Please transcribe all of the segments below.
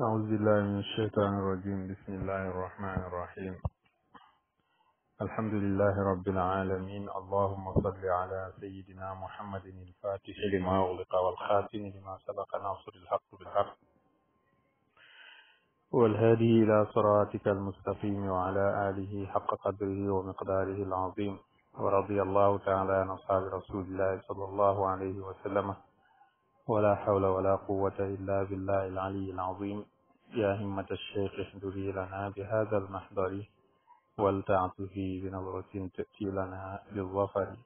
أعوذ بالله من الشيطان الرجيم بسم الله الرحمن الرحيم الحمد لله رب العالمين اللهم صل على سيدنا محمد الفاتح لما أغلق والخاتم لما سبق ناصر الحق بالحق والهادي إلى صراطك المستقيم وعلى آله حق قدره ومقداره العظيم ورضي الله تعالى عن أصحاب رسول الله صلى الله عليه وسلم ولا حول ولا قوة إلا بالله العلي العظيم يا همة الشيخ احذري لنا بهذا المحضر ولتعطه بنظرة تأتي لنا بالظفر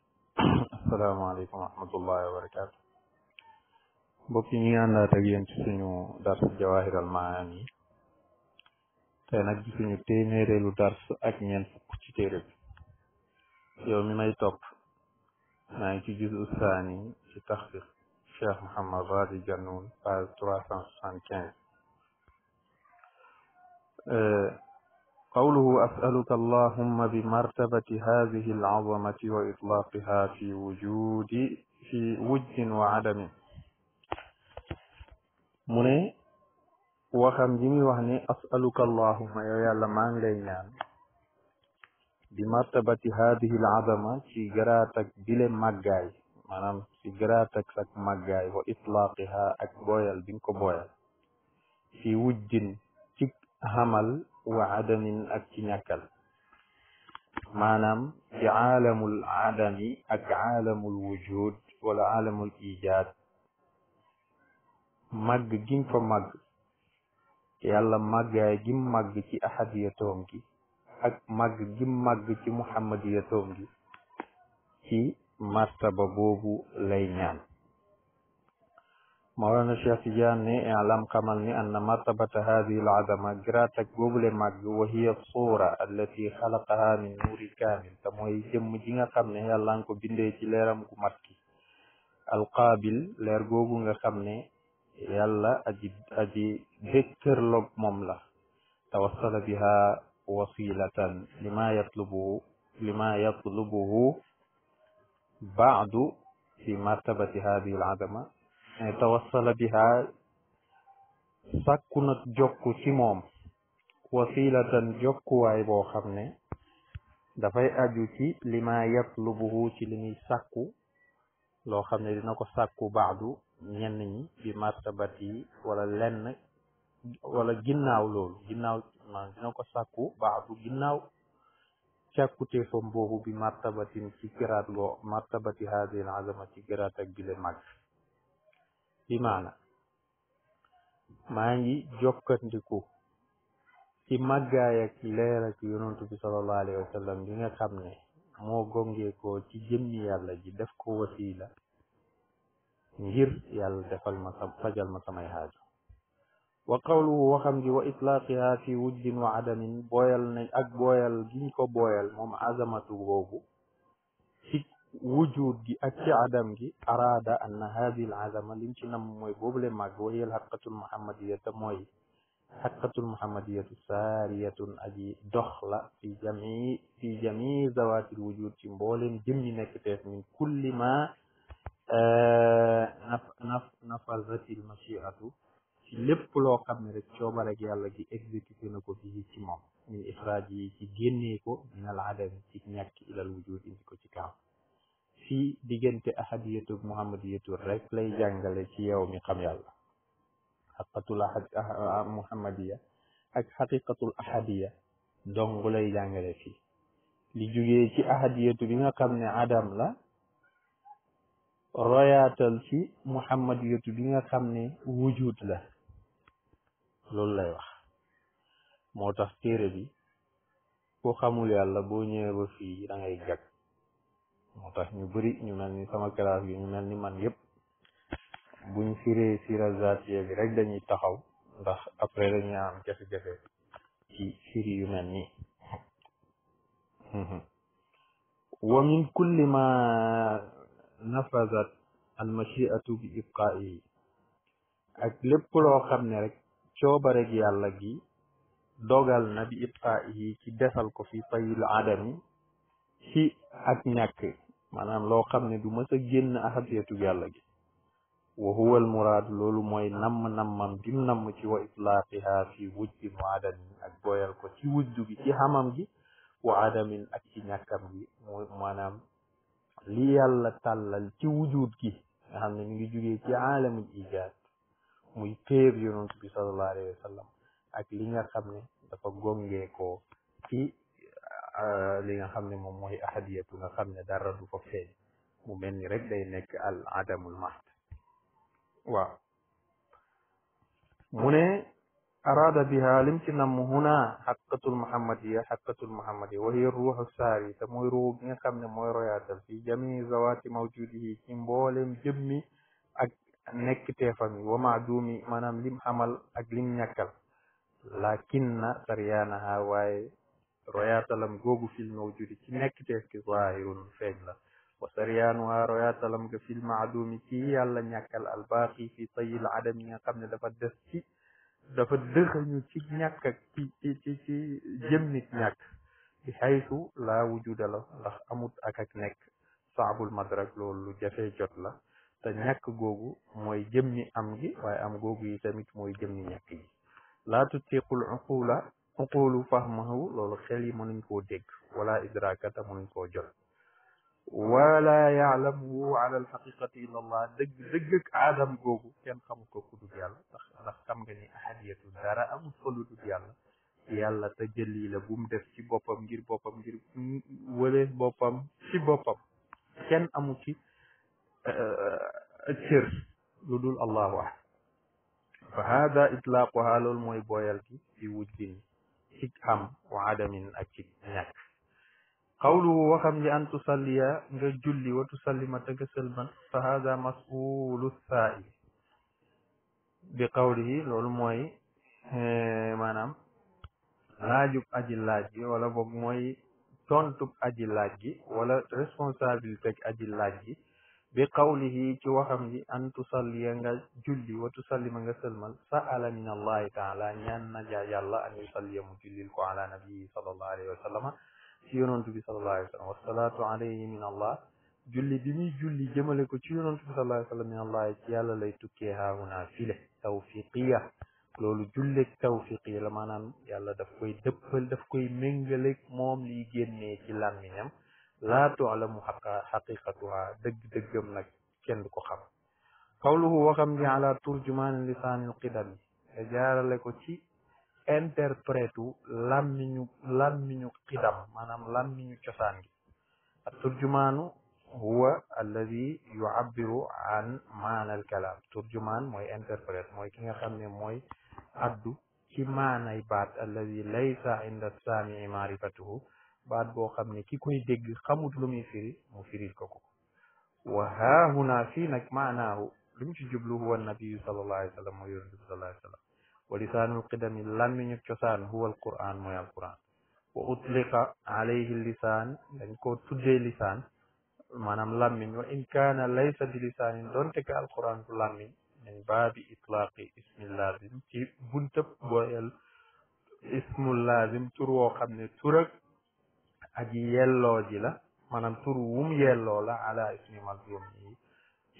السلام عليكم ورحمة الله وبركاته بوكي أنا اندا تاغي انت سونو جواهر المعاني تي ناك جي سونو تيميرلو دارس اك يومي ماي توب ماي تي جيزو في سي الشيخ محمد رادي جنون بعد 375 اه، قوله أسألك اللهم بمرتبة هذه العظمة وإطلاقها في وجود في وجد وعدم من وخم جمي أسألك اللهم يا يالا مان لينيان بمرتبة هذه العظمة في جراتك بلا مجاي. manam ci garaat ak sak màggaay wa itlaqiha ak booyal bi nga ko booyal fi wujjin ci xamal wa adamin ak ci ñàkkal maanaam ci aalamul adami ak aalamul wujud wala aalamul ijaad màgg giñ fa màgg yàlla màggaay gim màgg ci ahadiyatoom gi ak màgg gim màgg ci muhammadiyatoom gi martaba boobu lay ñaan Mawlana Cheikh Tidiane ne alam xamal ni anna martabata hadihi alazama grat ak boobule màgg wa hiya suura allati xalaqaha min nuuri kaamil te mooy leeram gu mat ki alqaabil leer googu nga xam ne yàlla aji aji déktërloog moom la tawassala biha wasilatan lima yatlubuhu lima yatlubuhu baadu fi martabati hadihi al azama ne tawassala biha sàkku jokku ci moom wasilatan jokkuwaay boo xam ne dafay aju ci li ma yatlubuhu ci li muy loo xam ne dina ko sàkku baadu ñenn ñi bi martabat yi wala lenn wala ginnaaw loolu ginnaaw maanaam dina ko sàkku baadu ginnaaw càkkuteefam boobu bi martabatin ci giraat go martabati haadil azama ci giraat ak bile màgg bi maana maa ngi jokkandiku ci màggaay ak leer ak yonantu bi sallallahu alayhi wa bi nga xam ne moo gongeekoo ci jëmmi yàlla ji def ko wasiila ngir yàlla defal ma sa samay xaaju وقوله وخم جي وإطلاقها في وجد وعدم بويل أك بويل جنكو بويل مم عزمة غوبو في وجود جي أك عدم جي أراد أن هذه العزمة لمكن موي بوبل ماك وهي الحقة المحمدية موي حقة المحمدية سارية أجي دخلة في جميع في جميع ذوات الوجود تنبول جميع نكتف من كل ما آه نف نف نفذت المشيئة ci lépp loo xam ne rek coobarek yàlla gi exécuté na ko fii ci moom min ifraaj yi ci génnee ko min al adam ci ñàkk ilal wujud indi ko ci kaw fii diggante ahadiyatu muhammadiyatu rek lay jàngale ci yow mi xam yàlla xaqiqatul ahad ah, muhammadiya ak xaqiqatul ahadiya dong lay jàngale fii li jugee ci ahadiyatu bi nga xam ne adam la royaatal ci muhammadiyatu bi nga xam ne wujud la loolu lay wax moo tax téere bi ku xamul yàlla boo ñëwee ba fii da ngay jag moo tax ñu bari ñu mel ni sama classe bi ñu mel ni man yépp buñ firee sira zaatiya bi rek dañuy taxaw ndax après dañuy am jafe-jafe ci firi yu mel nii mhm. wa min kulli ma nafazat al machiatu bi ibqaayi ak lépp loo xam ne rek coobare gi yàlla gi dogal na bi ibtaa yi ci defal ko fi fayul adami ci ak ñàkk maanaam loo xam ne du mës a génn ahadiyatu yàlla gi wa huwa loolu mooy namm-nammam gim namm ci wa itlaaqiha fi wujbin wa adamin ak booyal ko ci wujdu gi ci xamam gi wa adamin ak ci ñàkkam gi mooy li yàlla tàllal ci wujud gi nga xam ne mi ngi jugee ci aalamul ijaad mu péeb yonent bi sallallahu alayhi wa sallam ak li nga xam ne dafa gongeekoo ci euh, li nga xam ne moom mooy ahadiyatu nga xam ne dara du ko feeñ mu mel ni rek day nekk al adamul mahd waaw mu ne araada biha lim tina namm huna xaqatul muhammadiya xaqatul muhammadiya wa hiya ruuxu saari te mooy ruux bi nga xam ne mooy royaatal fi jami zawaati mawjudihi ci mboolem nekk teefam yi wama duumi maanaam lim amal ak lim ñàkkal lakinna saryaanaha waaye royaatalam googu fil mawjudi ci nekk teef ki zahirun feeñ la wa saryaanuha royaatalam ga fil maadumi ci yàlla ñàkkal albaaqi fi tayil adam yi nga xam ne dafa des ci dafa dëxañu ci ñàkk ak ci bi xaytu laa wujuda la ndax amut akak ak nekk saabul madrak lu jafee jot la te ñàkk googu mooy jëmmi am gi waaye am googu yi tamit mooy jëmmi ñàkk gi laa tutiqul uqula uqulu fahmahu loolu xel yi mënuñ koo dégg wala idrakata mënuñ koo jot wala yaalamuhu ala alxaqiqati illa allah dëgg dëgg ak kenn xamu ko ku xam nga ni ahadiyatu yàlla te jëlii la bu def ci boppam ngir boppam ngir wëlees boppam ci boppam kenn amu ci تشير أه، أه، لدول الله واحد فهذا إطلاق هذا الموي بويل في وجين حكم وعدم أكيد نعم قوله وخم لأن تصلي رجل وتسلم تكسلما فهذا مسؤول الثائل بقوله العلموي إيه، ما نعم راجب أجي اللاجي ولا بقموي تونتك أجي اللاجي ولا رسponsابلتك أجي اللاجي بقوله جوهم أن تصلي أنك جلي وتصلي أنك سلم سأل من الله تعالى أن ينجع الله أن يصلي مجلي لك على نبي صلى الله عليه وسلم سيون أنت صلى الله عليه وسلم والصلاة عليه من الله جلي بمي جلي جملك سيون أنت صلى الله عليه وسلم من الله تعالى ها هنا فيه توفيقية lolu julle tawfiq yi la manan yalla daf koy deppal daf koy mengale mom li laa tualamu xaqa xaqiqatuha dëgg-dëggam nag kenn du ko xam xawluhu waxam ji ala turjumaani lisaanil qidam yi jaarale ko ci interprète u làmmiñu làmmiñu qidam maanaam làmmiñu cosaan gi ak turjumaanu huwa alladi yuabbiru an maana al kalaam turjumaan mooy interprète mooy ki nga xam ne mooy addu ci maanay baat alladi laysa inda saamii maarifatuhu baat boo xam ne ki koy dégg xamut lu muy firi mu firil ko ko wa haahuna fii nag maanaahu lu mu ci jublu huwa nabiyu sallallahu alayhi wa sallam mooy yonente bi wa sallam wa lisaanul qidami làmmiñu cosaan huwa alquran mooy alquran wa utliqa alayhi lisaan dañ koo tuddee lisaan maanaam làmmiñ wa in kaana laysa bi lisaanin doonte ka alquran bu làmmiñ min baabi itlaaqi ismi laazim ci buntëb booyal ismu laazim tur woo xam ne turak aji yelloo ji la maanaam tur wum yelloo la ala ismi mazlum yi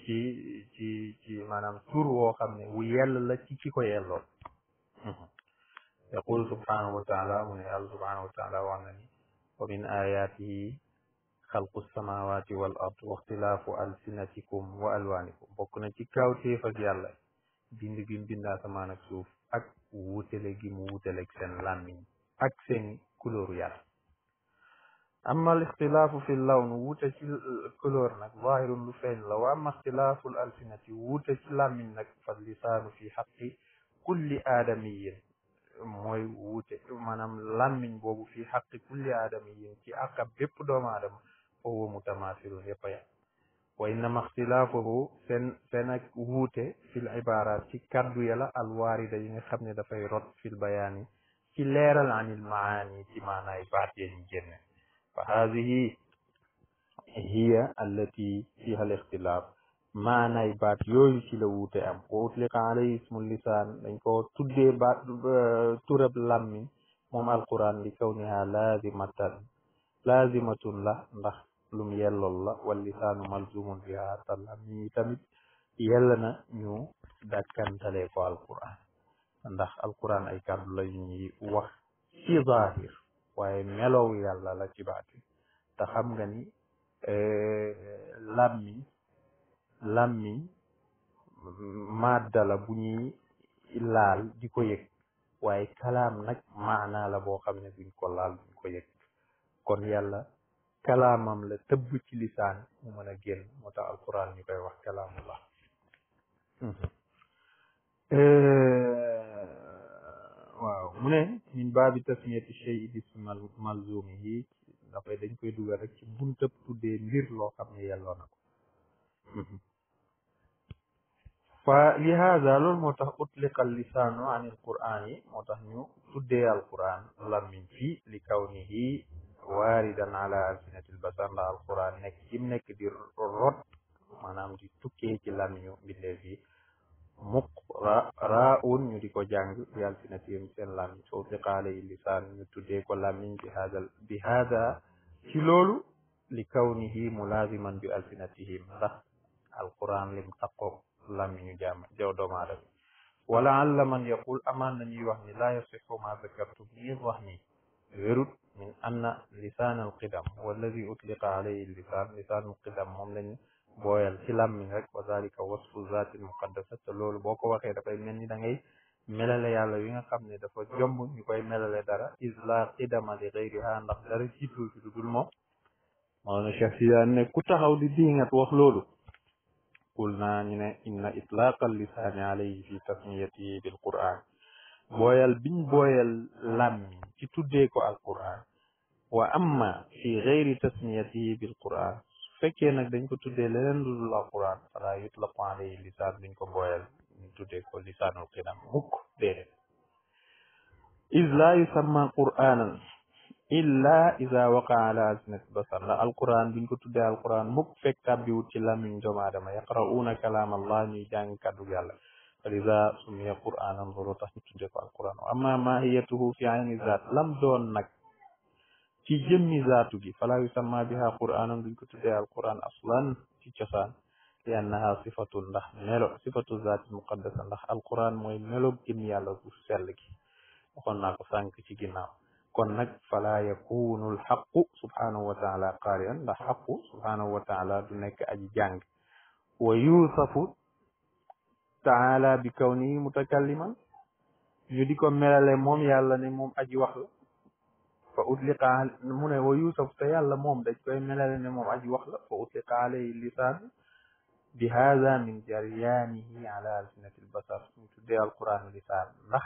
ci ci ci maanaam tur woo xam ne wu yell la ci ci ko yelloo mhm. yaqul subhanahu wa taala mu ne yàlla subhanahu wa taala wax na ni wa alsinatikum wa alwaanikum bokk na ci kaw ak yàlla bind gi mu bind ak suuf ak wutale gi mu wutale ak seen làmmiñ ak seen kulóoru yàlla أما الاختلاف في اللون ووتش الكلور نك ظاهر لفين لو أما اختلاف الألسنة ووتش لامن نك فاللسان في حق كل آدمي موي ووتش مانام لامن بوبو في حق كل آدمي كي أكا بيب دوم آدم هو متماثل هيبايا وإنما اختلافه سن سنك ووتش في العبارات كي كادو يلا الواردة ينخبني خبني رد في البياني كي ليرال عن المعاني كي معناي بعدين جنة fa haadihi hiya allati fiha al ixtilaaf maanaay baat yooyu ci la wuute am wa utliqa alayhi ismul lisaan dañ ko tuddee baat turab làmmiñ moom alquran li kawniha laazimatan laazimatun la ndax lum yellool la wal lisaanu malzumun biha te làmmiñ tamit yell na ñu dàkkantalee ko alquran ndax alquran ay kàddu la ñuy wax ci zaahir waaye melow yàlla la ci baat te xam nga ni eh, làmmi làmmiñ madda la bu ñuy laal di ko yëg waaye kalaam nag maanaa la boo xam ne duñ ko laal duñ ko yëg kon yàlla kalaamam la tëbb ci lisaan mu mën a génn moo tax alquran ñu koy wax kalaamullah hmm. eh, waaw mu ne min baabi tasmiyati shay bismi malzumi yi dafay dañ koy dugal rek ci buntëb tuddee mbir loo xam ne yelloo na ko fa li haada loolu moo tax utliqal lisaanu an il quraan yi moo tax ñu tuddee al quraan lammiñ fii li kawnihi waaridan ala alsinatil basar ndax al quraan nekk ci mu nekk di rot maanaam di tukkee ci lammiñu mbindeef yi muq ra raun ñu di ko jàng bi alsinatihim seen làmmiñ foofu di xaale yi lisaan ñu tuddee ko làmmiñ bi haadal bi haada ci loolu li kawnihi mulaaziman bi alsinatihim ndax alquran lim taqoog làmmiñu jaam jaw doomu aadama wala alla man yaqul amaan na ñuy wax ni laa yasixu ma zakartum li ngeen wax ni wérut min anna lisaan alqidam walladi utliqa alayhi lisaan lisaan alqidam moom lañu booyal ci làmmiñ rek wa zalika wasfu zatil muqaddasa te loolu boo ko waxee dafay mel ni da ngay melale yàlla wi nga xam ne dafa jomb ñu koy melale dara isla idama li ghayriha ndax dara jiitu ci lu dul moom maanaam Cheikh Tidiane ne ku taxaw di diingat wax loolu qul naa ñu ne inna itlaqa lisaani alayhi fi tasmiyatihi bil quran booyal biñ booyal làmmiñ ci tuddee ko al quran wa amma fi ghayri tasmiyatihi bil quran fekkee nag dañ ko tuddee leneen lu dul alquran fala yut la pende yi lisaan duñ ko booyal ñu tuddee ko lisaanul xinam mukk déedéet is la yusamma quranan illa ida waqa ala alsinati basar la alquran duñ ko tuddee alquran mukk fekk tàbbiwut ci lamiñ doomu aadama yaqra'una kalaam allah ñuy jàng kaddu yàlla falida sumiya quranan loolu tax ñu tuddee ko alquran wa amma mahiyatuhu fi ayni zaat lam doon nag ci jëmmi zaatu gi falaa yusamma biha quraanan duñ ko tuddee al quran aslan ci cosaan li annaha sifatu ndax melo sifatu zaati muqaddasa ndax al quran mooy melo jëm yàlla bu sell gi waxoon naa ko sànq ci ginnaaw kon nag falaa yakunu al xaqu subhanahu wa taala qaarian ndax xaqu subhanahu wa taala du nekk aji jàng wa yuusafu bi kawnihi mutakalliman ñu di ko melale moom yàlla ne moom aji wax fa utliqa mu ne wa yusuf te yàlla moom dañ koy melale ne moom aji wax la fa utliqa alayhi lisaan bi haada min jaryaanihi ala albasar ñu tuddee lisaan ndax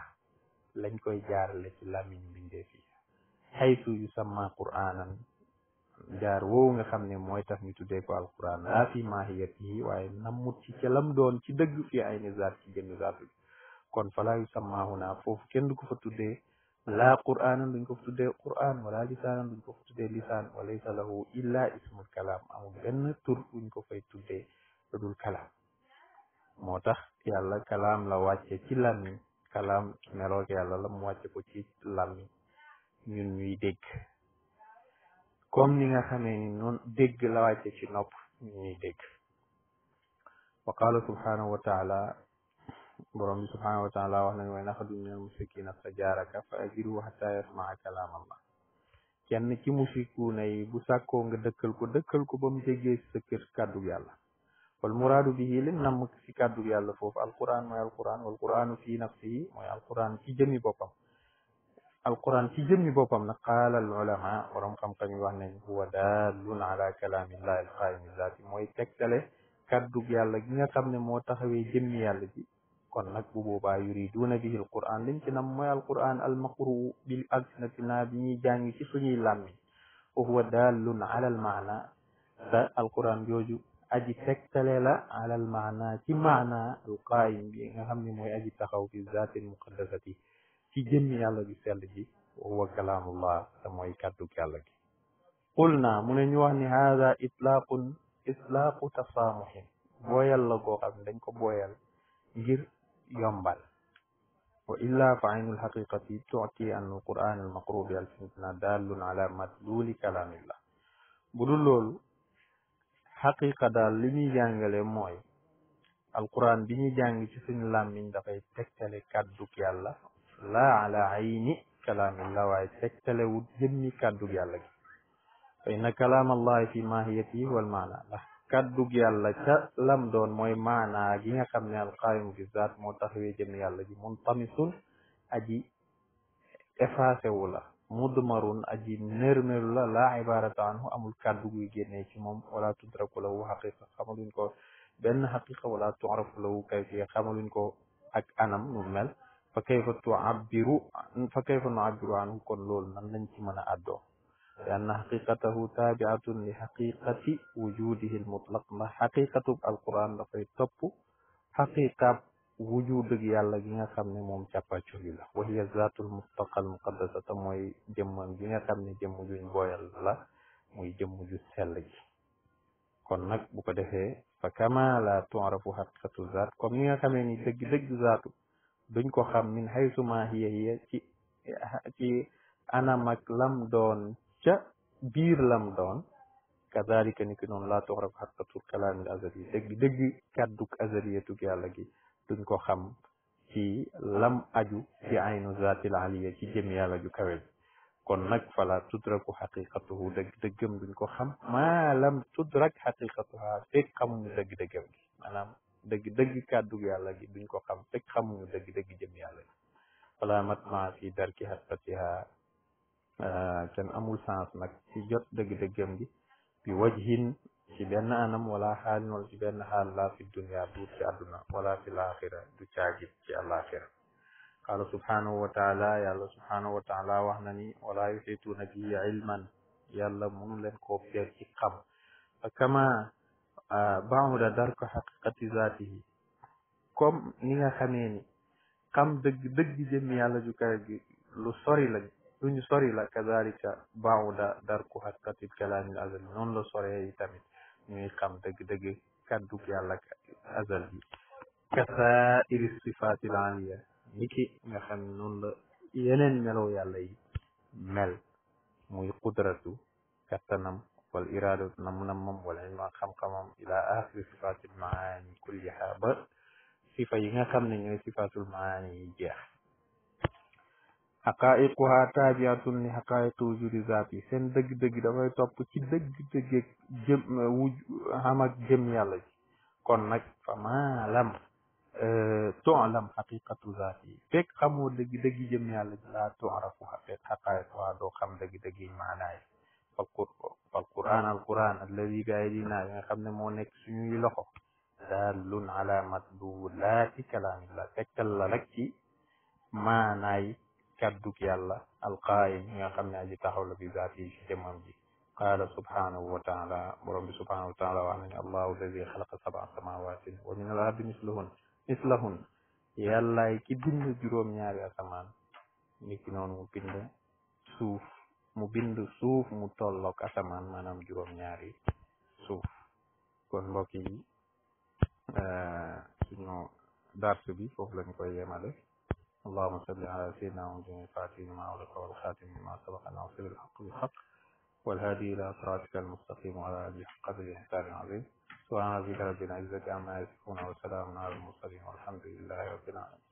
lañ koy jaarale ci làmmiñ bindee fii xaytu yusamma quraanan jaar woowu nga xam ne mooy tax ñu tuddee ko alquran laa fi maahiyatihi waaye namut ci calam doon ci dëgg fii ay ni zaat ci jëmmi zaatu bi kon falaa yusamma huna foofu kenn du ko fa laa qur'aanan duñ ko fu tuddee qur'aan wala lisaanan duñ ko fu tuddee lisaan wa laysa lahu illa ismul kalaam amul benn tur buñ ko fay tuddee lu dul kalaam moo tax yàlla kalaam la wàcce ci làmmiñ kalaam meloog yàlla la mu wàcce ko ci làmmiñ ñun ñuy dégg comme ni nga xamee ni dégg la wàcce ci nopp ñun ñuy dégg wa qaala subhanahu wa taala borom bi subhanahu wa taala wax nañu way naxadun minal mushrikina stajaaraka fa ajiru xata yasmaa kalaam allah kenn ci mushrikuuna yi bu sàkkoo nga dëkkal ko dëkkal ko ba mu jegee sa kër kàddu yàlla wal muraadu bihi li namm si kàddu yàlla foofu alquran mooy alquran wal quranu fi nafsihi mooy alquran ci jëmmi boppam alquran ci jëmmi boppam nag qaala al ulama borom xam-xam yi wax nañ huwa daallun ala kalaamillahi alqaayimi zaati mooy tegtale kàddu yàlla gi nga xam ne moo taxawee jëmmi yàlla kon nak bu boobaa yuriduna bihi alquran liñ ci nam moy alquran almaqru bil alsinatina bi ñi jàng ci suñu làmmi wa huwa dalun ala almaana te alquran joju aji tektale la ala almaana ci maana alqaayim bi nga xamni moy aji taxaw fi zaati almuqaddasati ci jëm yàlla ju sel ji wa huwa kalamullah ta moy kaddu yàlla gi qulna mu ne ñu wax ni hadha itlaqun islaqu tasamuh boyal la ko xam dañ ko boyal ngir yombal wa illa fa aynul haqiqati tu'ti an al quran al maqrubi al fitna dallun ala madluli kalamillah bu dul loolu xaqiqa daal li ñuy jàngale mooy alquran bi ñuy jàng ci suñu làmmiñ dafay tegtale kàddug yàlla laa ala ayni kalaamillah waaye tegtalewut jëmmi kàddug yàlla gi fa inna kalaamallahi fi mahiyati wal maana kàddug yàlla ca lam doon mooy maanaa gi nga xam ne alqaayimu bi zaat moo taxawee jëm yàlla ji mun tamisun aji effacé wu la mudmarun aji nërmelu la laa ibarata amul kàddu guy génnee ci moom wala tudraku lahu xaqiqa xamaluñ ko benn xaqiqa wala tuarafu lahu kayfiya xamaluñ ko ak anam nu mel fa kayfa tuabiru fa kayfa nuabiru anhu kon loolu nan lañ ci mën لأن حقيقته تابعة لحقيقة وجوده المطلق ndax xaqiqatub alquran dafay topp xaqiqab wujud ak yàlla gi nga xam ne moom càppaacur gi la wa hiya zaatul mutlaqa al muqaddasa te mooy jëmmam gi nga xam ne jëmm juñ booyal la muy jëmm ju sell ji kon nag bu ko defee fa kama la tu'rafu xaqiqatu zaat comme ni nga xamee ni dëgg-dëgg zaatu duñ ko xam min haysu ma hiya hiya ci ci lam doon ca biir lam doon kazalika ni ki noonu laa tuxrab xaqatul kalaamil azali dëgg dëgg kàdduk yàlla gi duñ ko xam ci lam aju ci aynu zatil aliya ci jëm yàlla ju kawe kon nag fala tudraku xaqiqatuhu dëgg dëggam ko xam maa lam tudrak xaqiqatuha fekk xamuñu dëgg dëggam gi maanaam dëgg dëgg kàddug yàlla gi duñ ko xam fekk xamuñu dëgg dëgg jëm yàlla gi fala fi darki xaqiqatiha آه، كان أمول سانس نك في جد دق دقم دي بوجهين في بأن أنا ولا حال ولا في بأن حال لا في الدنيا دو في أدنى ولا في الآخرة دو تاجب في الآخرة قال سبحانه وتعالى يا الله سبحانه وتعالى وحنني ولا يحيطون به علما يا الله من لن كوفي الإقام كما آه، بعد درك حقيقة ذاته كم نيا خميني كم دق دق جميع الله جكا لو سوري لك duñu sori la ka baawda darku hattatil kalaamil azal yi la soree yi tamit ñuy xam dëgg-dëgg kàddug yàlla azal bi kasa iri sifatil aliya niki nga xam ne noonu la yeneen melo yàlla yi mel muy qudratu kattanam wal iradatu nam nammam wala ilma xam-xamam ila axiri sifatil maani kulliha ba sifa yi nga xam ne ñooy sifatul maani yi jeex xaqaayiquha taabiatun li xaqaayiqi wujudi zaat yi seen dëgg-dëgg dafay topp ci dëgg-dëgg ak jëm wuj xam ak jëm yàlla ji kon nag fa maa lam euh, tu'lam xaqiqatu zaat yi fekk xamoo dëgg-dëgg jëm yàlla ji laa tu'rafuha fekk xaqaayiquha doo xam dëgg-dëgg yi maanaa yi fal quran al quran alladi bi aydina yi nga xam ne moo nekk suñuy loxo dallun ala matlubu laati kalaamillah fekkal la rek ci maanaay kaddug yàlla alqaayim mi nga xam ne aji taxaw la bi zaat yi ci jëmmam ji qaala subhanahu wa taala subhanahu wa taala wax na ne allahu alladi xalaqa sabaa samawatin wa min al ardi mislahun mislahun yàllaay ki bind juróom-ñaari asamaan ni ki noonu mu bind suuf mu bind suuf mu tolloog asamaan maanaam juróom suuf kon mbokk yi eh, suñu darsu bi foofu lañ koy yemale اللهم صل على سيدنا محمد فاتح ما أغلق والخاتم ما سبق ناصر الحق بالحق والهادي إلى صراطك المستقيم وعلى آله حق الإحسان العظيم سبحان ربك رب العزة عما يصفون وسلام على المرسلين والحمد لله رب العالمين